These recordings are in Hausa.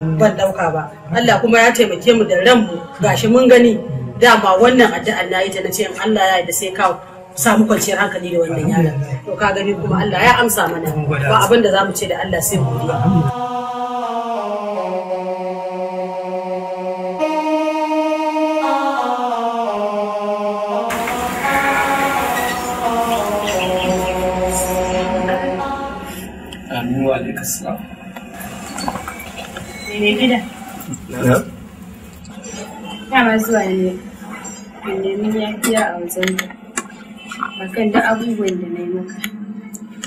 ban ɗauka ba Allah kuma ya taimake mu da ran ranmu gashi mun gani dama wannan addu'a na yi ta nace in Allah ya yarda sai ka samu kwanciyar hankali da wannan yaron to ka gani kuma Allah ya amsa mana ba abin da zamu ce da Allah sai godiya Amin wa Mai Dama zuwa ne. Kan nemi yafiya a wajen ka. Akan duk abubuwan da na yi maka.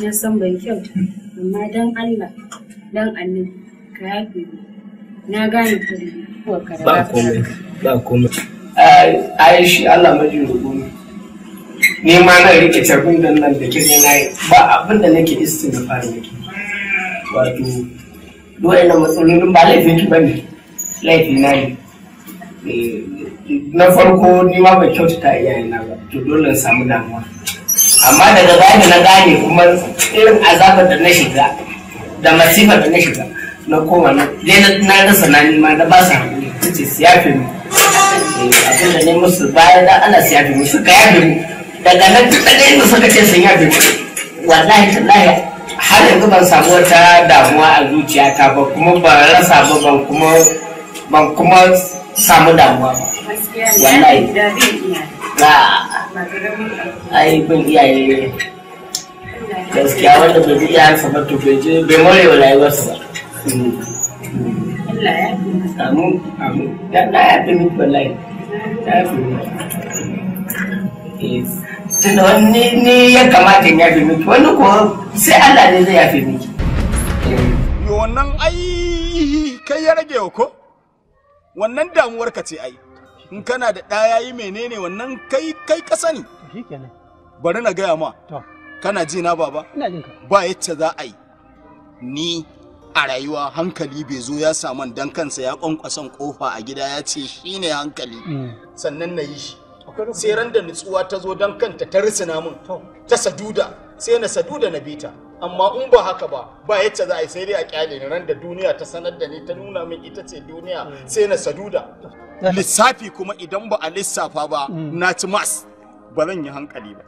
Na san ban kyauta. Amma don Allah, don annabi, ka yafe ni. Na gane kuri kuwa ka Ba komai, ba komai. Ai, shi Allah majin rukuni. Ni ma na rike carbin nan da kirina ba abin da nake istin da fara nake. Wato, wayannan matsalolin ba laifin ki bane laifi na ne eh, na farko ni ma bai kyautata na ba to dole samu damuwa amma daga gane na gane kuma irin azabar da na shiga da masifar da na shiga na koma na dai na rasa na ma na ba su hankali ta ce siyafin mu eh, abin da ne musu bayan da ana siyafin mu suka yafi mu daga nan duk da ne ka ce sun yafi mu wallahi tallahi har yanzu ban samu wata damuwa a zuciyata ba kuma ba rasa ba ban kuma ban kuma samu damuwa ba wallahi na ai bin iyaye gaskiya wanda bai iya yi ba to bai je bai more wa rayuwarsa mm. Allah ya fi amu amu ya fi wallahi ya fi ni ya kamata ya fi miki wani ko sai Allah ne zai ya fi miki. Wannan ai kai ya rage ko? Wannan damuwar ka ce ai. In kana da ɗayayi yi menene wannan kai kai ƙasa ne? Bari na gaya ma. Kana ji na baba? Ba yacce za a yi. Ni a rayuwa hankali bai zo ya saman dan kansa ya kwankwasan kofa a gida ya ce shine hankali. Mm. Sannan na yi shi. sai ran da nutsuwa ta zo don kanta ta risina min ta saduda sai na saduda na bita amma in ba haka ba ba yacce za a yi sai dai a kyale ni ran da duniya ta sanar da ni ta nuna min ita ce duniya hmm. sai na saduda lissafi kuma idan ba a lissafa ba hmm. na ci mas ba zan yi hankali ba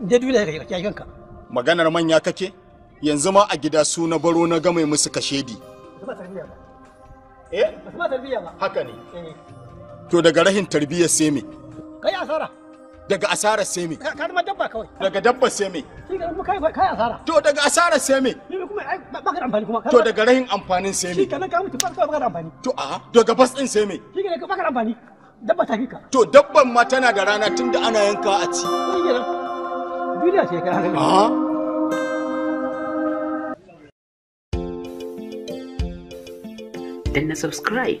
da duniya ka kanka maganar manya kake yanzu ma a gida su na baro na game musu kashedi eh ba haka ne eh. to daga rahin tarbiyyar sai me kai asara daga asara sai me ka zama dabba kawai daga dabba sai me kai kai asara to daga asara sai me kuma ai ba ka amfani kuma to daga rahin amfanin sai me kana ka mutu ba ka amfani to a daga bas din sai me ne ka ba da amfani dabba ta kika to dabban ma tana da rana tunda ana yanka a ci duniya ce ka a Then subscribe